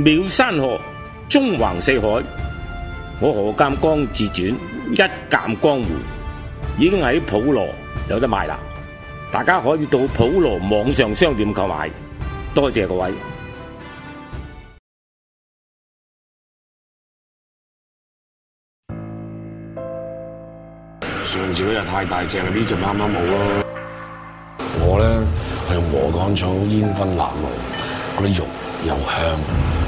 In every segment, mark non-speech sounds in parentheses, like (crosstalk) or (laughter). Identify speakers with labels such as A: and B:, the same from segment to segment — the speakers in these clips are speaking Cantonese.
A: 妙山河，中橫四海。我何鑒江自轉一鑒江湖，已經喺普羅有得賣啦。大家可以到普羅網上商店購買。多謝各位。上次嗰隻太大隻，巧巧呢隻啱啱冇咯。我咧係用禾稈草煙熏臘毛，嗰啲肉又香。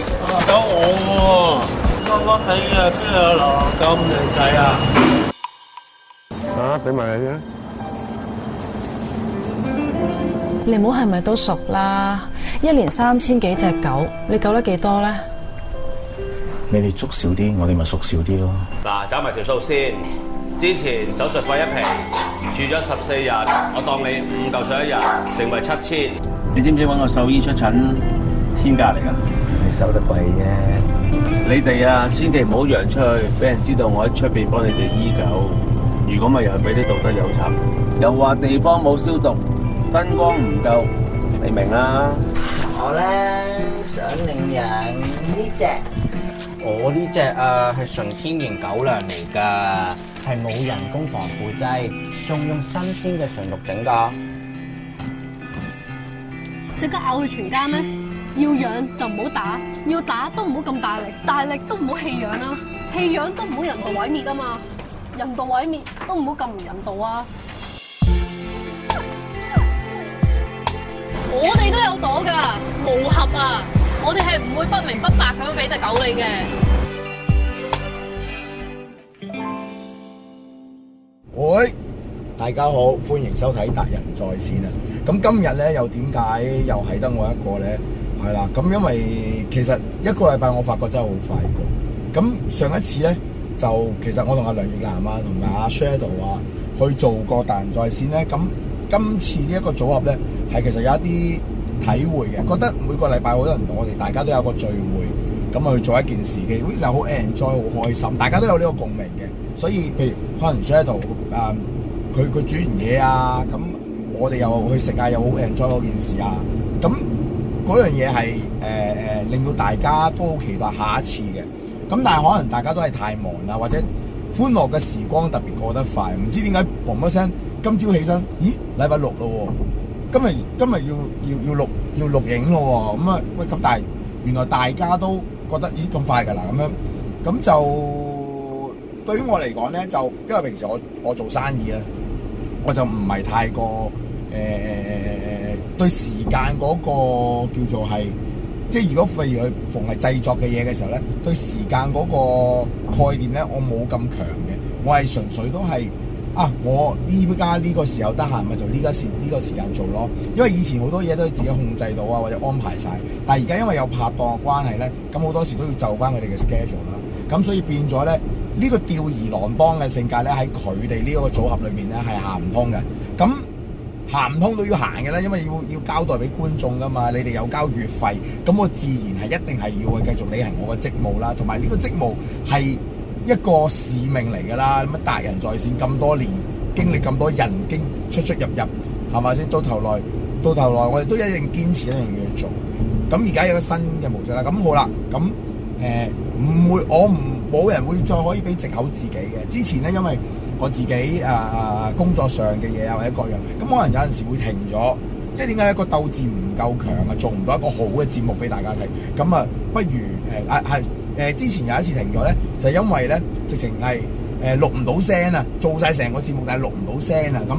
A: 教我喎，笠笠地嘅邊有男咁靚仔啊！啊，俾埋、啊啊啊啊、你先。你唔好係咪都熟啦？一年三千幾隻狗，你救得幾多咧？你哋捉少啲，我哋咪熟少啲咯。嗱、啊，找埋條數先。之前手術費一皮，住咗十四日，我當你五嚿水一日，成為七千。你知唔知揾個獸醫出診天價嚟噶？收得貴啫，你哋啊，千祈唔好揚出去，俾人知道我喺出邊幫你哋醫狗。如果咪又係俾啲道德有差，又話地方冇消毒，燈光唔夠，你明啦。我咧想領養呢隻，我呢隻啊係純天然狗糧嚟噶，係冇人工防腐劑，仲用新鮮嘅純肉整噶。即刻咬佢全家咩？要養就唔好打，要打都唔好咁大力，大力都唔好棄養啊，棄養都唔好人道毀滅啊嘛！人道毀滅都唔好咁唔人道啊！我哋都有朵噶，無合啊！我哋係唔會不明不白咁樣俾隻狗你嘅。喂，大家好，歡迎收睇達仁在線啊！咁今日咧又點解又係得我一個咧？係啦，咁因為其實一個禮拜我發覺真係好快過。咁上一次咧，就其實我同阿梁亦南啊，同埋阿 Shadow 啊去做過達仁在線咧。咁今次呢一個組合咧，係其實有一啲體會嘅，覺得每個禮拜好多人，我哋大家都有個聚會，咁去做一件事嘅，嗰時候好 enjoy、好開心，大家都有呢個共鳴嘅。所以譬如可能 Shadow，誒佢佢煮完嘢啊，咁我哋又去食啊，又好 enjoy 嗰件事啊，咁。嗰樣嘢係誒誒令到大家都好期待下一次嘅，咁但係可能大家都係太忙啦，或者歡樂嘅時光特別過得快，唔知點解嘣一聲，今朝起身，咦，禮拜六咯喎，今日今日要要要錄要錄影咯喎，咁啊喂，咁但係原來大家都覺得咦咁快㗎啦，咁樣，咁就對於我嚟講咧，就因為平時我我做生意咧，我就唔係太過誒。呃對時間嗰個叫做係，即係如果譬如佢逢係製作嘅嘢嘅時候咧，對時間嗰個概念咧，我冇咁強嘅，我係純粹都係啊！我依家呢個時候得閒，咪就呢個時呢個時間做咯。因為以前好多嘢都係自己控制到啊，或者安排晒。但係而家因為有拍檔嘅關係咧，咁好多時都要就翻佢哋嘅 schedule 啦。咁所以變咗咧，呢個吊兒郎當嘅性格咧，喺佢哋呢個組合裏面咧係行唔通嘅。咁行唔通都要行嘅啦，因為要要交代俾觀眾噶嘛，你哋有交月費，咁我自然係一定係要去繼續履行我嘅職務啦，同埋呢個職務係一個使命嚟㗎啦。咁達人在線咁多年，經歷咁多人經出出入入，係咪先？到頭來到頭來，我哋都一定堅持一樣嘢做。咁而家有個新嘅模式啦。咁好啦，咁誒唔會，我唔冇人會再可以俾藉口自己嘅。之前咧，因為。我自己誒誒、呃、工作上嘅嘢啊，或者各樣，咁可能有陣時會停咗，即係點解個鬥志唔夠強啊，做唔到一個好嘅節目俾大家睇，咁啊不如誒啊係誒之前有一次停咗咧，就係、因為咧直情係誒錄唔到聲啊，做晒成個節目但係錄唔到聲啊，咁誒、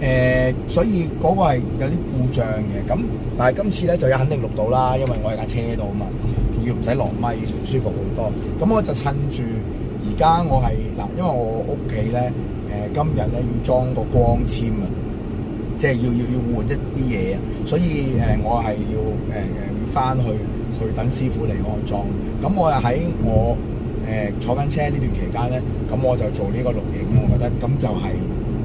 A: 呃、所以嗰個係有啲故障嘅，咁但係今次咧就有肯定錄到啦，因為我喺架車度啊嘛，仲要唔使落咪，舒服好多，咁我就趁住。而家我係嗱，因為我屋企咧，誒今日咧要裝個光纖啊，即係要要要換一啲嘢啊，所以誒我係要誒誒、呃、要翻去去等師傅嚟安裝。咁我又喺我誒、呃、坐緊車呢段期間咧，咁我就做呢個錄影。我覺得咁就係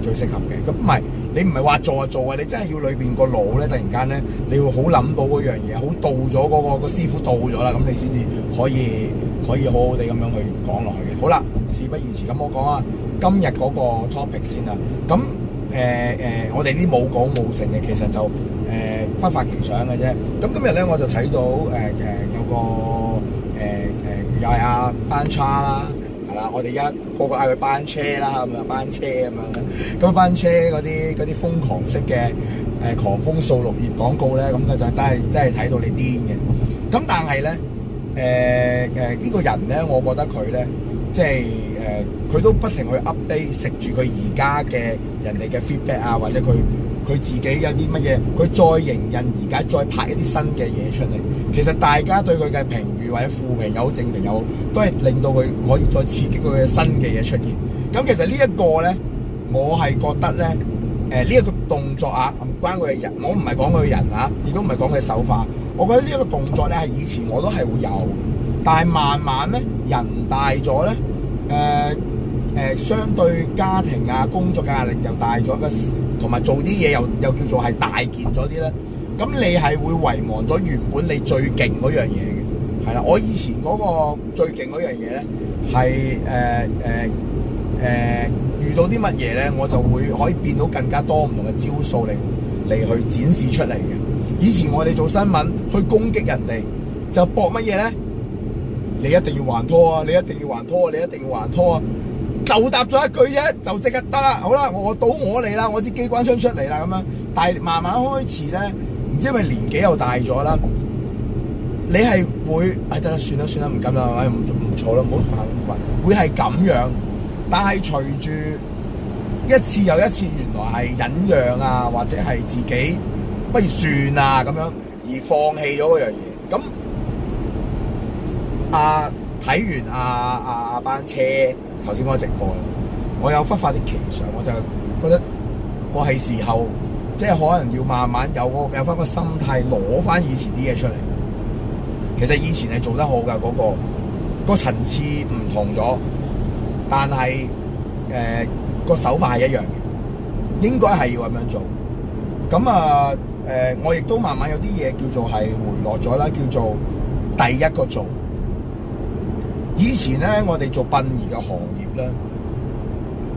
A: 最適合嘅。咁唔係。你唔係話做就做啊！你真係要裏邊個腦咧，突然間咧，你會好諗到嗰樣嘢，好到咗嗰個個師傅到咗啦，咁你先至可以可以好好地咁樣去講落去嘅。好啦，事不宜遲，咁我講下今日嗰個 topic 先啦。咁誒誒，我哋啲冇講冇成嘅，其實就誒忽、呃、發奇想嘅啫。咁今日咧，我就睇到誒誒、呃、有個誒誒、呃呃、又係阿班差啦。啊！我哋而家個個嗌佢班車啦，咁啊班車咁樣，咁班車嗰啲啲瘋狂式嘅誒、呃、狂風掃落葉廣告咧，咁佢就真係真係睇到你癲嘅。咁但係咧，誒誒呢個人咧，我覺得佢咧，即係誒，佢、呃、都不停去 update，食住佢而家嘅人哋嘅 feedback 啊，或者佢。佢自己有啲乜嘢，佢再迎刃而解，再拍一啲新嘅嘢出嚟。其實大家對佢嘅評語或者負評有證明有，都係令到佢可以再刺激佢嘅新嘅嘢出現。咁其實呢一個咧，我係覺得咧，誒呢一個動作啊，唔關佢嘅人，我唔係講佢嘅人啊，亦都唔係講佢嘅手法。我覺得呢一個動作咧，係以前我都係會有，但係慢慢咧，人大咗咧，誒、呃。誒，相對家庭啊，工作嘅壓力又大咗嘅，同埋做啲嘢又又叫做係大件咗啲咧。咁你係會遺忘咗原本你最勁嗰樣嘢嘅，係啦。我以前嗰個最勁嗰樣嘢咧，係誒誒誒，遇到啲乜嘢咧，我就會可以變到更加多唔同嘅招數嚟嚟去展示出嚟嘅。以前我哋做新聞去攻擊人哋，就搏乜嘢咧？你一定要還拖啊！你一定要還拖啊！你一定要還拖啊！就答咗一句啫，就即刻得啦，好啦，我我倒我嚟啦，我支機關槍出嚟啦咁樣。但係慢慢開始咧，唔知係咪年紀又大咗啦？你係會哎得啦，算啦算啦，唔敢啦，哎唔唔坐啦，唔好犯困，會係咁樣。但係隨住一次又一次，原來係忍讓啊，或者係自己不如算啊咁樣而放棄咗嗰樣嘢。咁啊睇完啊啊，啊，啊，啊班車。頭先講直播我有忽發啲奇想，我就覺得我係時候即係可能要慢慢有個有翻個心態攞翻以前啲嘢出嚟。其實以前係做得好㗎，嗰個個層次唔同咗，但係誒個手法係一樣，應該係要咁樣做。咁啊誒、呃，我亦都慢慢有啲嘢叫做係回落咗啦，叫做第一個做。以前咧，我哋做殯儀嘅行業咧，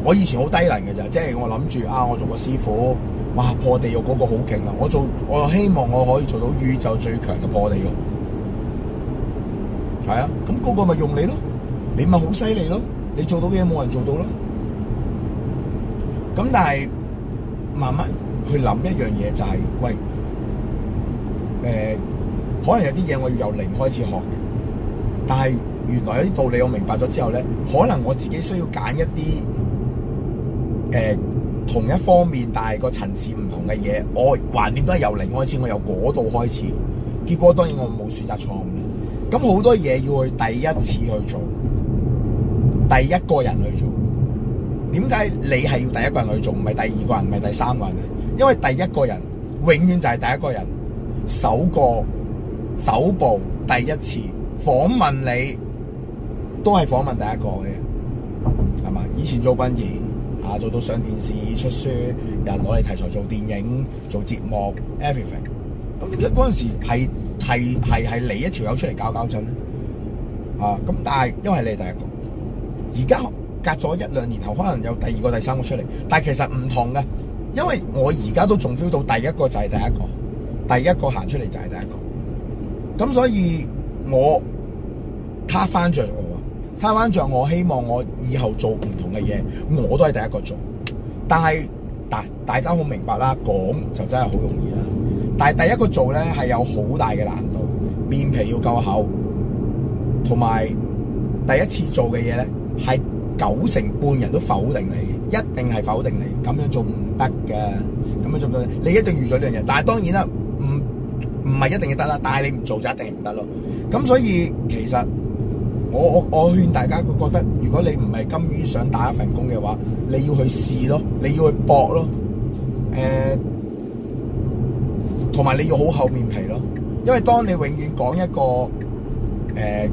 A: 我以前好低能嘅咋，即係我諗住啊，我做個師傅，哇，破地獄嗰個好勁啊！我做，我希望我可以做到宇宙最強嘅破地獄，係啊，咁、那、嗰個咪用你咯，你咪好犀利咯，你做到嘅嘢，冇人做到咯。咁但係慢慢去諗一樣嘢，就是，就係喂，誒、呃，可能有啲嘢我要由零開始學嘅，但係。原來有啲道理，我明白咗之後呢，可能我自己需要揀一啲誒、呃、同一方面，但係個層次唔同嘅嘢。我橫掂都係由零開始，我由嗰度開始。結果當然我冇選擇錯誤。咁好多嘢要去第一次去做，第一個人去做。點解你係要第一個人去做，唔係第二個人，唔係第三個人呢？因為第一個人永遠就係第一個人，首個、首部、第一次訪問你。都係訪問第一個嘅，係嘛？以前做軍營啊，做到上電視出書，有人攞你題材做電影、做節目，everything。咁嗰陣時係係係係你一條友出嚟搞搞震咧。啊！咁但係因為你係第一個，而家隔咗一兩年後可能有第二個第三個出嚟。但係其實唔同嘅，因為我而家都仲 feel 到第一個就係第一個，第一個行出嚟就係第一個，咁所以我卡翻着。拍翻像我希望我以後做唔同嘅嘢，我都係第一個做。但係大大家好明白啦，講就真係好容易啦。但係第一個做呢係有好大嘅難度，面皮要夠厚，同埋第一次做嘅嘢呢係九成半人都否定你，一定係否定你，咁樣做唔得嘅，咁樣做唔得。你一定預咗呢樣嘢，但係當然啦，唔唔係一定要得啦。但係你唔做就一定唔得咯。咁所以其實。我我我勸大家，會覺得如果你唔係甘於想打一份工嘅話，你要去試咯，你要去搏咯，誒、呃，同埋你要好厚面皮咯，因為當你永遠講一個誒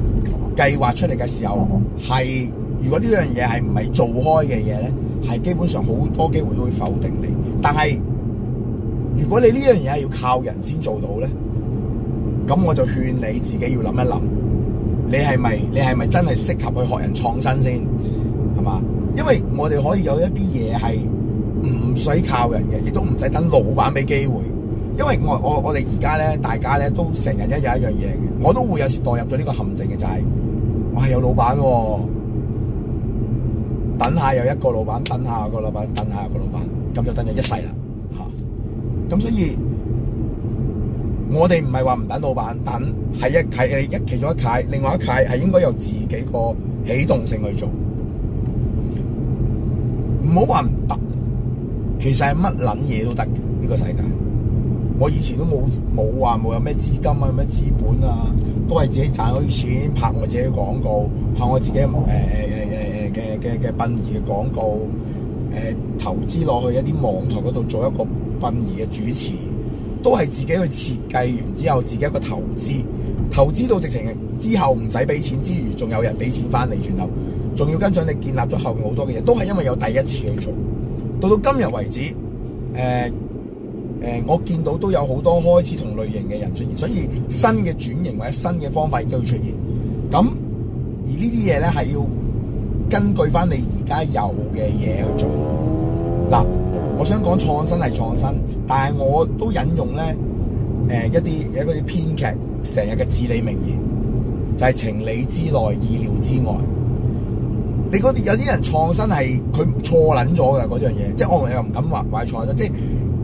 A: 計劃出嚟嘅時候，係如果呢樣嘢係唔係做開嘅嘢咧，係基本上好多機會都會否定你。但係如果你呢樣嘢係要靠人先做到咧，咁我就勸你自己要諗一諗。你係咪？你係咪真係適合去學人創新先？係嘛？因為我哋可以有一啲嘢係唔使靠人嘅，亦都唔使等老闆俾機會。因為我我我哋而家咧，大家咧都成日一樣一樣嘢嘅。我都會有時代入咗呢個陷阱嘅，就係我係有老闆喎、哦，等下有一個老闆，等下個老闆，等下個老闆，咁就等咗一世啦嚇。咁所以。我哋唔係話唔等老闆等，係一契，一其中一契，另外一契係應該由自己個起動性去做。唔好話唔得，其實係乜撚嘢都得呢、這個世界。我以前都冇冇話冇有咩資金啊、咩資本啊，都係自己賺啲錢拍我自己嘅廣告，拍我自己嘅誒誒誒嘅嘅嘅嘅殯儀嘅廣告，誒、呃、投資落去一啲網台嗰度做一個殯儀嘅主持。都係自己去設計完之後，自己一個投資，投資到直情之後唔使俾錢之餘，仲有人俾錢翻你轉頭，仲要跟住你建立咗後面好多嘅嘢，都係因為有第一次去做。到到今日為止，誒、呃、誒、呃，我見到都有好多開始同類型嘅人出現，所以新嘅轉型或者新嘅方法都會出現。咁而呢啲嘢咧係要根據翻你而家有嘅嘢去做。嗱，我想講創新係創新。但係我都引用咧，誒、呃、一啲嘅啲編劇成日嘅至理名言，就係、是、情理之內，意料之外。你啲有啲人創新係佢錯撚咗嘅嗰樣嘢，即係我我又唔敢話怪錯咯，即係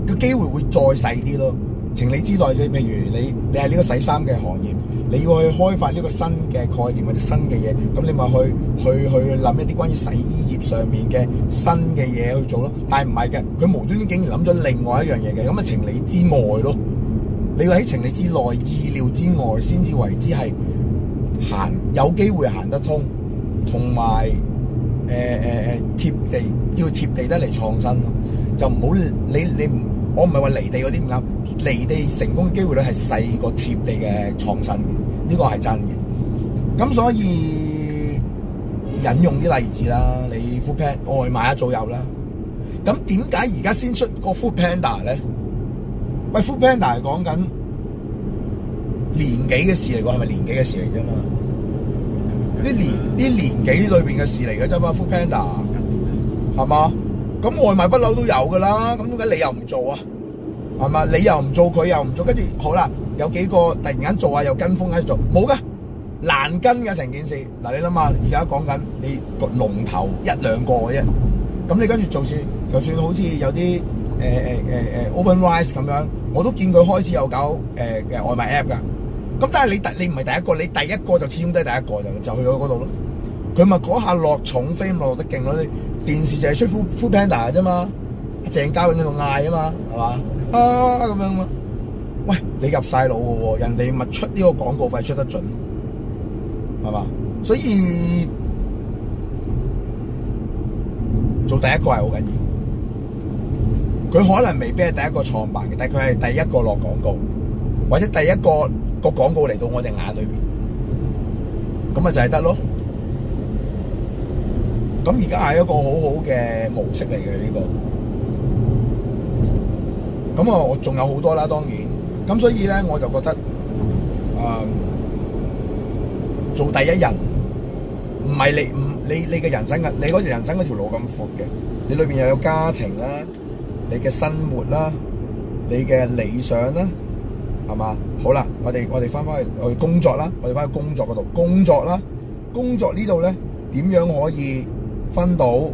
A: 個機會會再細啲咯。情理之內即係譬如你你係呢個洗衫嘅行業，你要去開發呢個新嘅概念或者新嘅嘢，咁你咪去去去諗一啲關於洗衣業上面嘅。新嘅嘢去做咯，但係唔係嘅，佢無端端竟然諗咗另外一樣嘢嘅，咁啊情理之外咯。你要喺情理之內、意料之外先至為之係行有機會行得通，同埋誒誒誒貼地，要貼地得嚟創新咯。就唔好你你唔，我唔係話離地嗰啲唔啱，離地成功嘅機會率係細過貼地嘅創新，呢個係真嘅。咁所以。引用啲例子啦，你 food pad 外賣一早有啦。咁點解而家先出個 food panda 咧？喂，food panda 講緊年紀嘅事嚟喎，係咪年紀嘅事嚟啫嘛？啲年啲年紀裏邊嘅事嚟嘅啫嘛，food panda 係嘛？咁外賣不嬲都有噶啦，咁點解你又唔做啊？係嘛？你又唔做，佢又唔做，跟住好啦，有幾個突然間做呀又跟風喺度做，冇㗎。難跟嘅成件事，嗱你諗下，而家講緊你個龍頭一兩個嘅啫，咁你跟住做事，就算好似有啲誒誒誒誒 Open Rice 咁樣，我都見佢開始有搞誒嘅外賣 app 噶，咁但係你第你唔係第一個，你第一個就始終都係第一個就就去咗嗰度咯，佢咪嗰下落重飛咪落得勁咯，你電視淨係出 Food Panda 嘅啫嘛，鄭嘉穎喺度嗌啊嘛，係嘛啊咁樣嘛，喂你入晒腦嘅喎，人哋咪出呢個廣告費出得準。係嘛？所以做第一個係好緊要，佢可能未必係第一個創辦嘅，但係佢係第一個落廣告，或者第一個個廣告嚟到我隻眼裏邊，咁咪就係得咯。咁而家係一個好好嘅模式嚟嘅呢個。咁啊，我仲有好多啦，當然。咁所以咧，我就覺得，誒、呃。做第一人唔係你唔你你嘅人生，咁你嗰條人生嗰條路咁闊嘅，你裏邊又有家庭啦，你嘅生活啦，你嘅理想啦，係嘛？好啦，我哋我哋翻返去去工作啦，我哋翻去工作嗰度工作啦，工作呢度咧點樣可以分到誒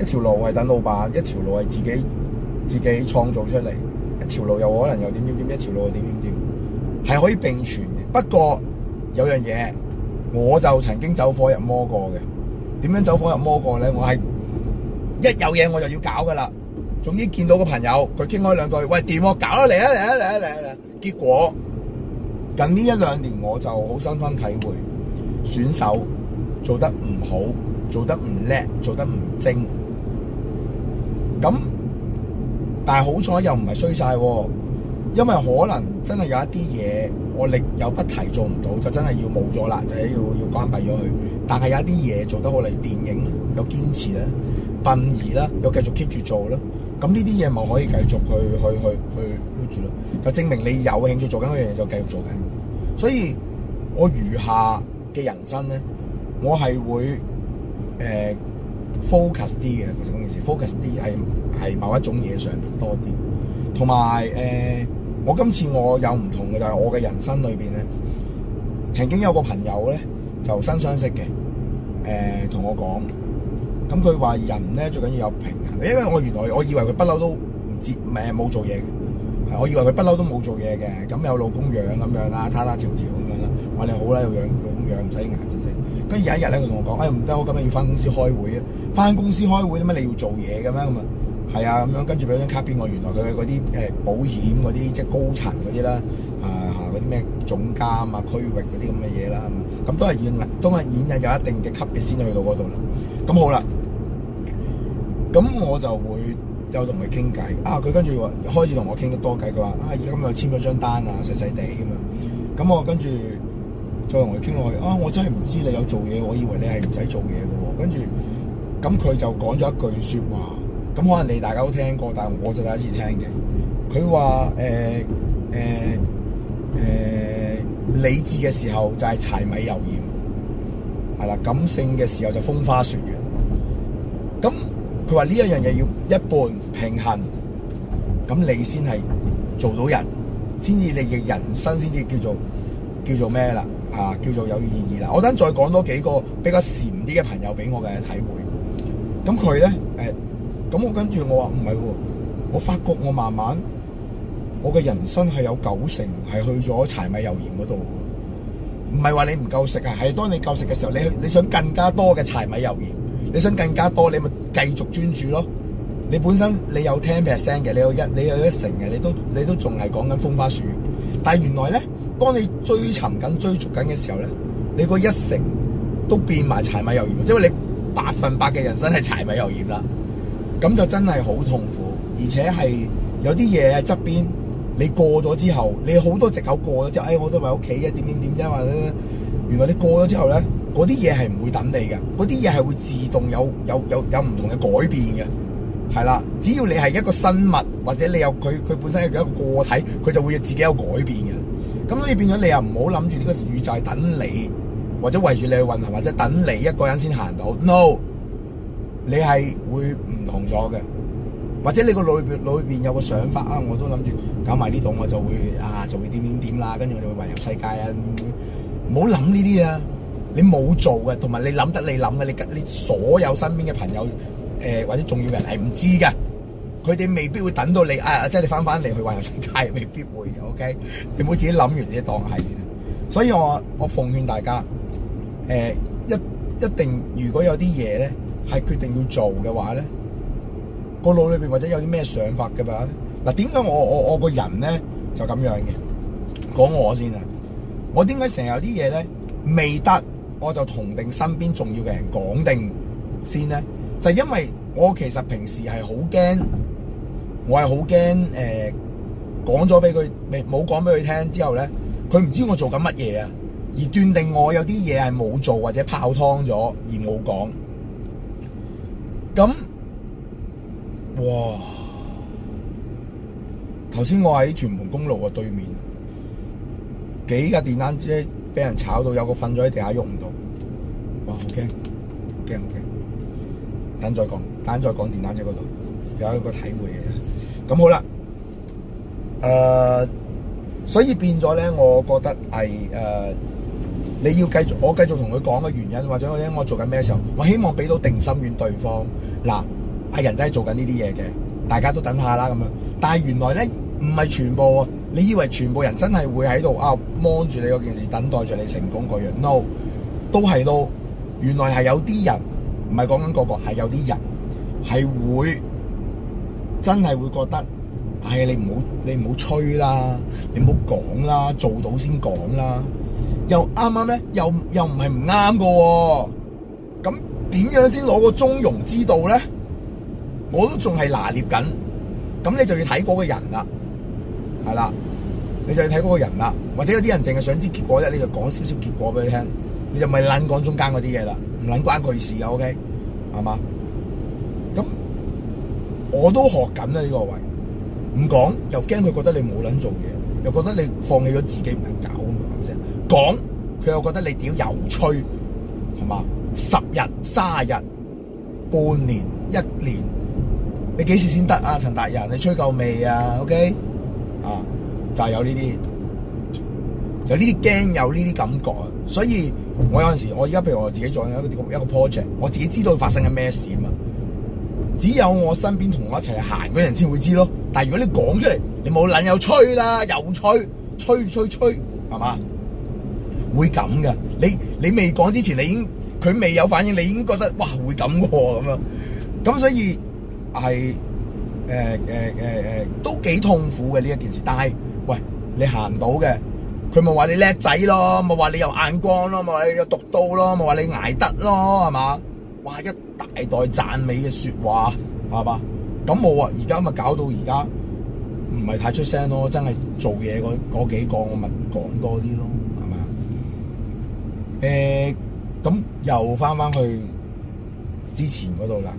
A: 一條路係等老闆，一條路係自己自己創造出嚟，一條路又可能又點點點，一條路又點點點，係可以並存嘅。不過有樣嘢，我就曾經走火入魔過嘅。點樣走火入魔過呢？我係一有嘢我就要搞噶啦。總之見到個朋友，佢傾開兩句，喂掂，我搞得嚟啊嚟啊嚟啊嚟啊嚟。結果近呢一兩年，我就好深深體會，選手做得唔好，做得唔叻，做得唔精。咁，但係好彩又唔係衰晒。因為可能真係有一啲嘢我力有不逮做唔到，就真係要冇咗啦，就係要要關閉咗佢。但係有一啲嘢做得好，例如電影有堅持咧，殯儀咧有繼續 keep 住做咧，咁呢啲嘢咪可以繼續去去去去 hold 住咯。就證明你有興趣做緊嗰樣嘢，就繼續做緊。所以我餘下嘅人生咧，我係會誒、uh, focus 啲嘅，其實想講件事，focus 啲係係某一種嘢上邊多啲，同埋誒。Uh, 我今次我有唔同嘅就係我嘅人生裏邊咧，曾經有個朋友咧就新相識嘅，誒、呃、同我講，咁佢話人咧最緊要有平衡，因為我原來我以為佢不嬲都唔接咩冇做嘢，係我以為佢不嬲都冇做嘢嘅，咁有老公養咁樣啦，灑灑跳跳咁樣啦，話、啊、你好啦，有養老公養唔使捱先。跟住有一日咧，佢同我講，誒唔得，我今日要返公司開會啊，返公司開會，點解你要做嘢嘅咩咁啊？係啊，咁樣，跟住俾張卡片。我原來佢嘅嗰啲誒保險嗰啲，即係高層嗰啲啦，啊嚇嗰啲咩總監啊、區域嗰啲咁嘅嘢啦，咁都係演，都係演藝有一定嘅級別先去到嗰度啦。咁好啦，咁我就會有同佢傾偈啊。佢跟住話開始同我傾得多偈，佢話啊，而家咁又簽咗張單啊，細細地咁樣。咁我跟住再同佢傾落去啊，我真係唔知你有做嘢，我以為你係唔使做嘢㗎喎。跟住咁佢就講咗一句説話。咁可能你大家都聽過，但係我就第一次聽嘅。佢話誒誒誒，理智嘅時候就係柴米油鹽，係啦；感性嘅時候就風花雪月。咁佢話呢一樣嘢要一半平衡，咁你先係做到人，先至你嘅人生先至叫做叫做咩啦？啊，叫做有意義啦！我等再講多幾個比較禪啲嘅朋友俾我嘅體會。咁佢咧誒。欸咁我跟住我話唔係喎，我發覺我慢慢我嘅人生係有九成係去咗柴米油鹽嗰度，唔係話你唔夠食啊，係當你夠食嘅時候，你你想更加多嘅柴米油鹽，你想更加多，你咪繼續專注咯。你本身你有 ten percent 嘅，你有一你有一成嘅，你都你都仲係講緊風花雪月。但係原來咧，當你追尋緊追逐緊嘅時候咧，你嗰一成都變埋柴米油鹽，即係你百分百嘅人生係柴米油鹽啦。咁就真係好痛苦，而且係有啲嘢喺側邊，你過咗之後，你好多借口過咗之後，誒、哎、我都喺屋企嘅，點點點啫嘛。原來你過咗之後咧，啲嘢係唔會等你嘅，啲嘢係會自動有有有有唔同嘅改變嘅，係啦。只要你係一個生物，或者你有佢佢本身係一個個體，佢就會自己有改變嘅。咁所以變咗你又唔好諗住呢個宇宙係等你，或者圍住你去運行，或者等你一個人先行到。no，你係會同咗嘅，或者你個裏邊裏邊有個想法啊，我都諗住搞埋呢檔，我就會啊就會點點點啦，跟住我就會環遊世界啊！唔好諗呢啲啊，你冇做嘅，同埋你諗得你諗嘅，你你所有身邊嘅朋友誒、呃、或者重要人係唔知嘅，佢哋未必會等到你啊！即係你翻返嚟去環遊世界，未必會。OK，你唔好自己諗完自己當係。所以我我奉勸大家誒、呃，一一定如果有啲嘢咧係決定要做嘅話咧。個腦裏邊或者有啲咩想法噶嘛？嗱，點解我我我個人咧就咁樣嘅？講我先啊！我點解成日有啲嘢咧未得，我就同定身邊重要嘅人講定先咧？就係因為我其實平時係好驚，我係好驚誒，講咗俾佢未，冇講俾佢聽之後咧，佢唔知我做緊乜嘢啊！而斷定我有啲嘢係冇做或者泡湯咗而冇講，咁。哇！頭先我喺屯門公路嘅對面，幾架電單車俾人炒到，有個瞓咗喺地下喐唔到。哇，好驚，驚唔驚？等再講，等再講電單車嗰度，有一個體會嘅。咁好啦，誒、呃，所以變咗咧，我覺得係誒、呃，你要繼續，我繼續同佢講嘅原因，或者我因我做緊咩時候，我希望畀到定心丸對方嗱。係人真係做緊呢啲嘢嘅，大家都等下啦咁樣。但係原來咧唔係全部，你以為全部人真係會喺度啊望住你嗰件事，等待住你成功嗰樣、那個？No，都係咯。原來係有啲人，唔係講緊個個，係有啲人係會真係會覺得，唉、哎，你唔好你唔好吹啦，你唔好講啦，做到先講啦。又啱啱咧，又又唔係唔啱噶。咁點樣先攞個中庸之道咧？我都仲係拿捏緊，咁你就要睇嗰個人啦，係啦，你就要睇嗰個人啦。或者有啲人淨係想知結果啫，你就講少少結果俾佢聽，你就唔係撚講中間嗰啲嘢啦，唔撚關佢事呀，OK，係嘛？咁我都學緊啊呢個位，唔講又驚佢覺得你冇撚做嘢，又覺得你放棄咗自己唔撚搞咁嘅諗講佢又覺得你屌有趣，係嘛？十日、三日、半年、一年。你幾時先得啊，陳達仁？你吹夠未啊？OK，啊，就係有呢啲，有呢啲驚，有呢啲感覺啊。所以我有陣時，我而家譬如我自己做緊一個一個 project，我自己知道發生緊咩事啊嘛。只有我身邊同我一齊行嗰人先會知咯。但係如果你講出嚟，你冇諗又吹啦，又吹，吹，吹，吹，係嘛？會咁㗎。你你未講之前，你已經佢未有反應，你已經覺得哇會咁喎咁樣。咁所以。係，誒誒誒誒，呃呃、都幾痛苦嘅呢一件事。但係喂，你行唔到嘅，佢咪話你叻仔咯，咪話 (noise) 你有眼光咯，咪話 (noise) 你有讀到咯，咪話 (noise) 你捱得咯，係嘛？哇，一大袋讚美嘅說話，係嘛？咁冇啊，而家咪搞到而家唔係太出聲咯。真係做嘢嗰嗰幾個，幾個我咪講多啲咯，係嘛？誒、呃，咁又翻翻去之前嗰度啦。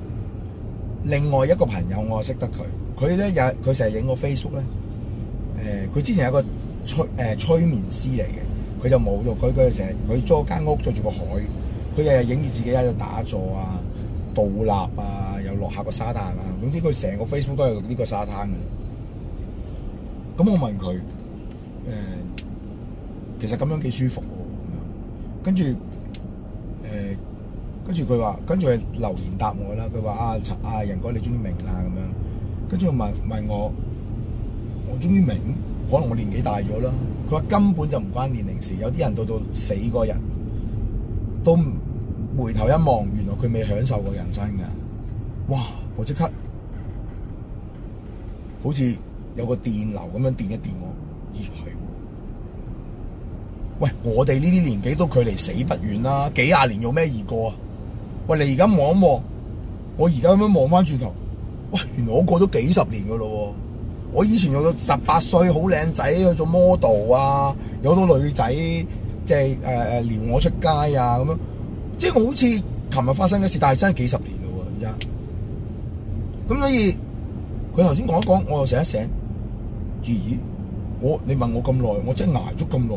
A: 另外一個朋友，我識得佢，佢咧又佢成日影個 Facebook 咧，誒佢、呃、之前有個催誒催眠師嚟嘅，佢就冇用，佢佢成日佢租間屋對住個海，佢日日影住自己喺度打坐啊、倒立啊、又落下個沙灘啊，總之佢成個 Facebook 都係呢個沙灘嘅。咁我問佢誒、呃，其實咁樣幾舒服喎，跟住誒。呃跟住佢話，跟住佢留言答我啦。佢話啊，阿仁哥你終於明啦咁樣。跟住問問我，我終於明，可能我年紀大咗啦。佢話根本就唔關年齡事，有啲人到到死嗰日，都回頭一望，原來佢未享受過人生噶。哇！我即刻好似有個電流咁樣電一電我。咦係喎！喂，我哋呢啲年紀都距離死不遠啦，幾廿年有咩易過啊？喂，你而家望一望，我而家咁樣望翻轉頭，喂，原來我過咗幾十年噶咯喎！我以前有到十八歲好靚仔去做 model 啊，有到女仔即係誒誒撩我出街啊咁樣，即係好似琴日發生嘅事，但係真係幾十年咯喎！而家咁，所以佢頭先講一講，我又醒一醒，咦？我你問我咁耐，我真係捱咗咁耐，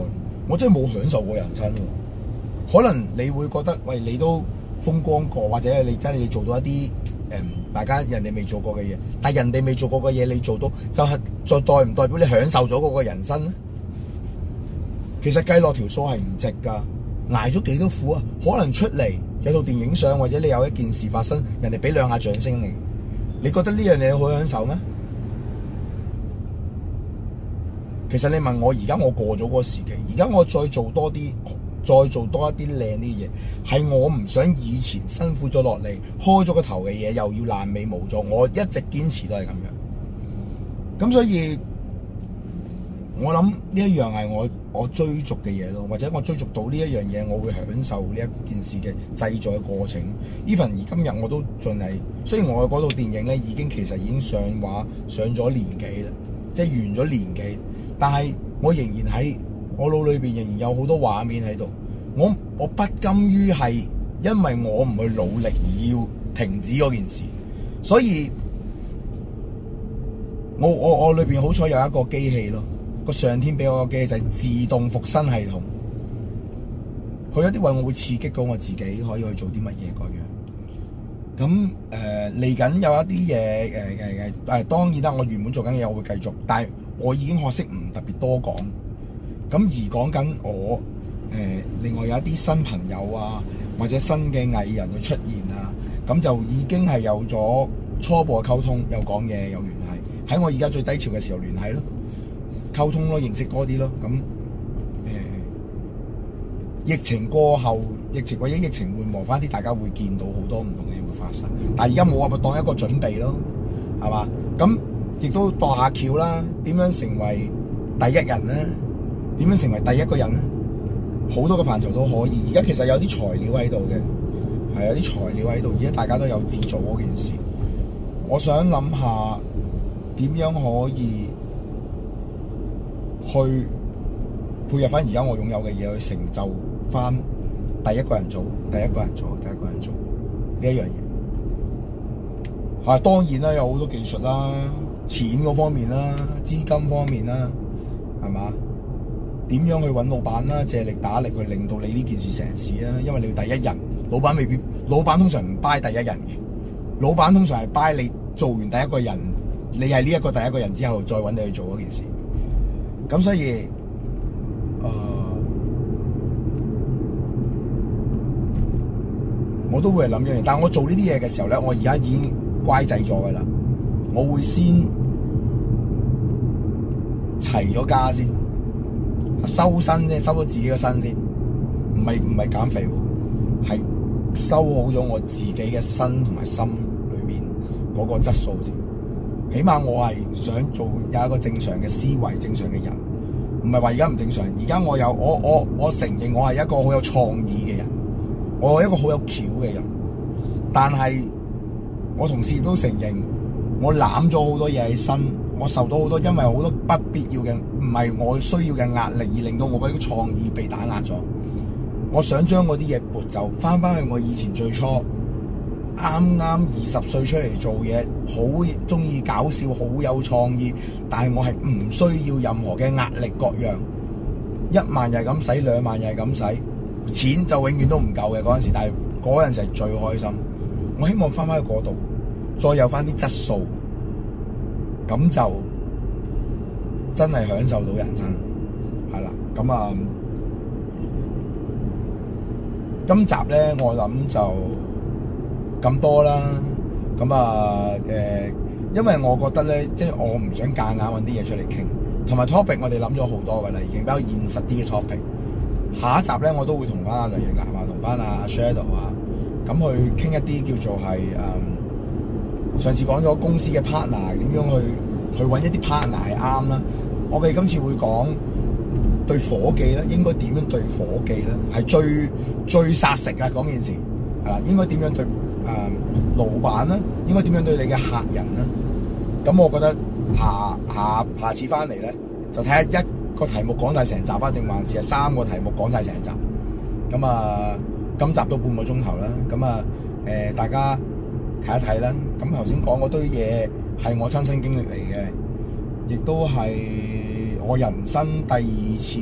A: 我真係冇享受過人生喎！可能你會覺得，喂，你都～風光過，或者你真係做到一啲，誒，大家人哋未做過嘅嘢，但人哋未做過嘅嘢你做到，就係再代唔代表你享受咗嗰個人生咧？其實計落條數係唔值噶，挨咗幾多苦啊？可能出嚟有套電影相，或者你有一件事發生，人哋俾兩下掌聲你，你覺得呢樣嘢好享受咩？其實你問我而家我過咗嗰個時期，而家我再做多啲。再做多一啲靚啲嘢，係我唔想以前辛苦咗落嚟，開咗個頭嘅嘢又要爛尾冇咗。我一直堅持都係咁樣，咁所以我諗呢一樣係我我追逐嘅嘢咯，或者我追逐到呢一樣嘢，我會享受呢一件事嘅製作嘅過程。Even 而今日我都盡係，雖然我嘅嗰套電影呢已經其實已經上畫上咗年幾啦，即係完咗年幾，但係我仍然喺。我腦裏邊仍然有好多畫面喺度，我我不甘於係因為我唔去努力而要停止嗰件事，所以我我我裏邊好彩有一個機器咯，個上天俾我個機器就係自動復生系統，佢有啲位我會刺激到我自己可以去做啲乜嘢嗰樣那。咁誒嚟緊有一啲嘢誒誒誒誒當然啦，我原本做緊嘢我會繼續，但係我已經學識唔特別多講。咁而講緊我誒，另外有一啲新朋友啊，或者新嘅藝人去出現啊，咁就已經係有咗初步嘅溝通，有講嘢，有聯繫。喺我而家最低潮嘅時候聯繫咯，溝通咯，認識多啲咯。咁誒、欸，疫情過後，疫情或者疫情緩和翻啲，大家會見到好多唔同嘅嘢會發生。但係而家冇話，咪當一個準備咯，係嘛？咁亦都度下橋啦，點樣成為第一人咧？點樣成為第一個人咧？好多個範疇都可以。而家其實有啲材料喺度嘅，係有啲材料喺度，而家大家都有志做嗰件事。我想諗下點樣可以去配合翻而家我擁有嘅嘢，去成就翻第一個人做，第一個人做，第一個人做呢一樣嘢。嚇，當然啦，有好多技術啦，錢嗰方面啦，資金方面啦，係嘛？點樣去揾老闆啦？借力打力去令到你呢件事成事啦，因為你要第一人，老闆未必，老闆通常唔 buy 第一人嘅，老闆通常係 buy 你做完第一個人，你係呢一個第一個人之後再揾你去做嗰件事。咁所以，誒、哦，我都會諗呢樣嘢，但係我做呢啲嘢嘅時候咧，我而家已經乖仔咗㗎喇，我會先齊咗家先。收身先，收咗自己個身先，唔係唔係減肥，係收好咗我自己嘅身同埋心裏邊嗰個質素先。起碼我係想做有一個正常嘅思維、正常嘅人，唔係話而家唔正常。而家我有我我我承認我係一個好有創意嘅人，我係一個好有橋嘅人，但係我同事都承認我攬咗好多嘢喺身。我受到好多，因為好多不必要嘅，唔係我需要嘅壓力，而令到我嗰啲創意被打壓咗。我想將嗰啲嘢撥走，翻返去我以前最初啱啱二十歲出嚟做嘢，好中意搞笑，好有創意，但係我係唔需要任何嘅壓力各樣，一萬又係咁使，兩萬又係咁使，錢就永遠都唔夠嘅嗰陣時，但係嗰陣時係最開心。我希望翻返去嗰度，再有翻啲質素。咁就真係享受到人生，係啦。咁啊、嗯，今集咧我諗就咁多啦。咁、嗯、啊，誒、嗯，因為我覺得咧，即係我唔想夾硬揾啲嘢出嚟傾，同埋 topic 我哋諗咗好多嘅啦，已經比較現實啲嘅 topic。下一集咧，我都會同翻阿雷奕南啊，同翻阿 Shadow 啊，咁去傾一啲叫做係誒。嗯上次講咗公司嘅 partner 點樣去去搵一啲 partner 係啱啦，我哋今次會講對伙計咧應該點樣對伙計咧，係最最殺食啊！嗰件事係啊，應該點樣對誒老闆啦？應該點樣對你嘅客人啦？咁我覺得下下下次翻嚟咧，就睇下一個題目講晒成集啊，定還是係三個題目講晒成集？咁啊，今集到半個鐘頭啦，咁啊誒大家。睇一睇啦，咁頭先講嗰堆嘢係我親身經歷嚟嘅，亦都係我人生第二次。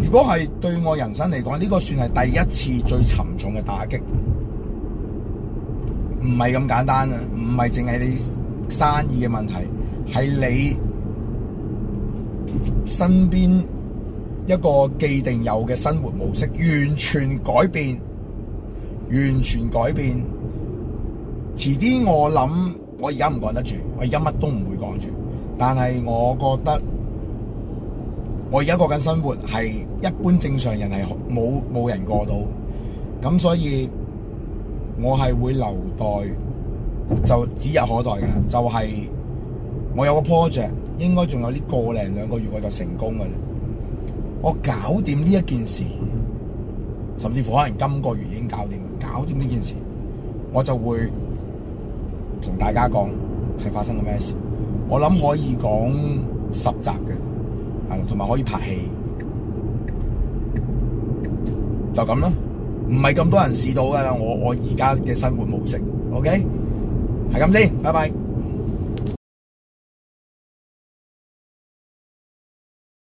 A: 如果係對我人生嚟講，呢個算係第一次最沉重嘅打擊，唔係咁簡單啊，唔係淨係你生意嘅問題，係你身邊一個既定有嘅生活模式完全改變，完全改變。遲啲我諗，我而家唔講得住，我而家乜都唔會講住。但係我覺得，我而家過緊生活係一般正常人係冇冇人過到，咁所以我係會留待就指日可待㗎。就係我有個 project，應該仲有呢個零兩個月我就成功㗎啦。我搞掂呢一件事，甚至乎可能今個月已經搞掂，搞掂呢件事，我就會，同大家講，係發生咗咩事？我諗可以講十集嘅，係同埋可以拍戲，就咁咯。唔係咁多人試到噶啦。我我而家嘅生活模式，OK，係咁先，拜拜。